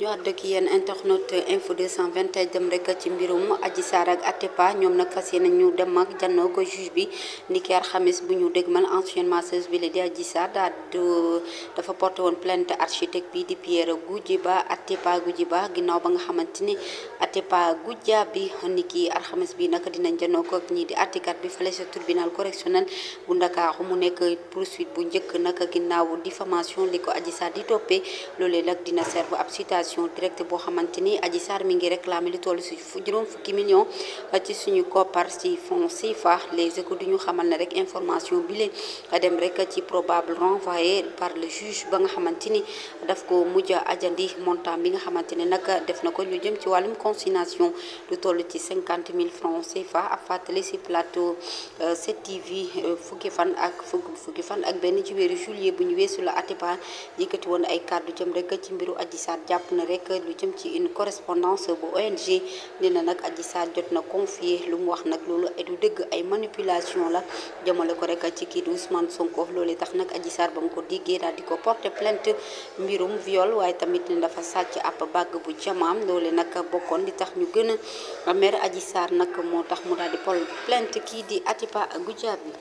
ñu àdd ak yéen internet info 221 dem rek ci mbirum Adji Sarr ak Atepa ñoom nag fas yéene ñu dem ak jannoo ko juge bi niki alxames bu ñu dégmal ancienne masseuse bi la di Adji Sarr daa dafa porté woon plainte architecte bi di Pierre Goudiba Atepa Goudiba ginnaaw ba nga xamante ni Atepa Goudia bi niki alxames bi nag dinañ jannoo ko ak ñii di attikat bi fële ca tribunal correctionnel bu Ndakaaru mu nekk poursuite bu njëkk nag ginnaaw diffamation li di toppee loolee nag dina serve ab citation confrontation directe boo xamante ni Adji Sarr mi ngi réclamé lu toll si juróom fukki million ci suñu koppar si fonds CFA les échos du ñu xamal ne rek information bi leen dem rek ci probable renvoyé par le juge ba nga xamante ni daf ko mujj ajandi montant bi nga xamante ne nag def na ko ñu jëm ci wàllum consignation lu toll ci cinquante mille francs CFA ak fàttali si plateau 7TV euh, euh, fukki fan ak fukki fan ak benn ci weeru juillet bu ñu weesu la ci mbiru Adji Sarr na rek lu jëm ci une correspondance bu ONG dina nag Adji Sarr jot na confier lu mu wax nag loolu du dëgg ay manipulation la jëmale ko rek ci kii du Ousmane Sonko loolu tax nag Adji Sarr ba mu ko diggee daal di ko porter plainte mbirum viol waaye tamit ne dafa sàcc ab bàgg bu jamaam loolu nag bokkoon di tax ñu gën a mer Adji nag moo tax mu daal di porter plainte kii di Atipa Goudiaby